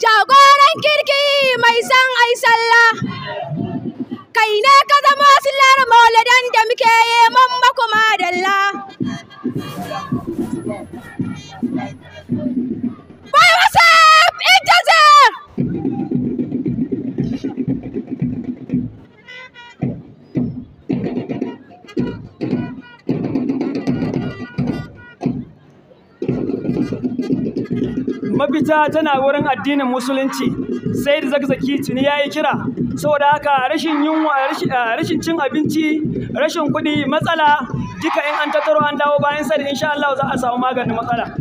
Jagoran kirki mai san ai sallah. Kai ne ka zama silar mauladan da muke yi man makuma dalla. Thank you. mafita tana wurin addinin musulunci sai da zakzaki tuni yayi kira saboda haka rashin yunwa eh, rashin cin abinci rashin kuɗi matsala duka in an tattaro an dawo bayan sa insha Allah za a samu maganin matsala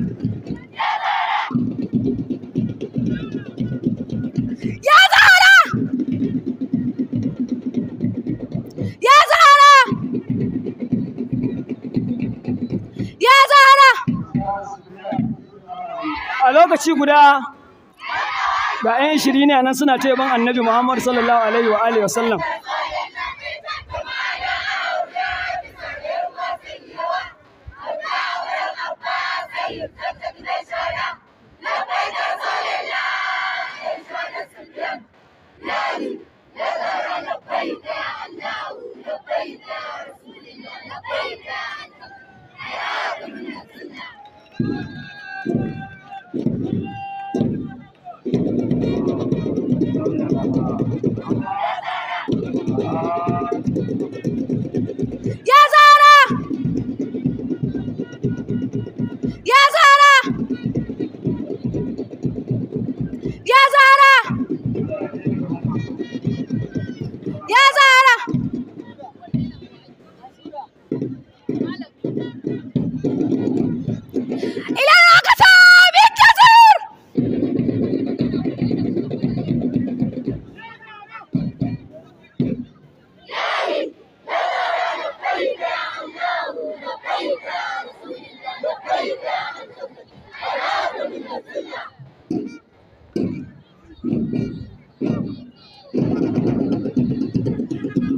Ya Zahara! a lokaci guda ga 'yan shiri ne nan suna taimakon annabi Muhammad sallallahu alaihi wa alihi wasallam Thank you. Thank you.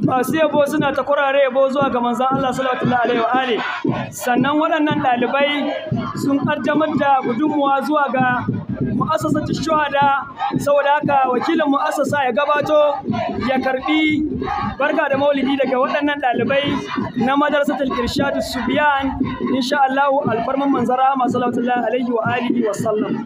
masu yabo suna ta kurare yabo zuwa ga manzan Allah sallallahu alaihi wa ali sannan waɗannan ɗalibai sun ƙaddamar da gudunmuwa zuwa ga mu'assasatu shuhada saboda haka wakilin mu'assasa ya gabato ya karbi barka da maulidi daga waɗannan ɗalibai na madrasatul irshad subiyan insha Allah alfarman manzara masu sallallahu alaihi wa alihi wa sallam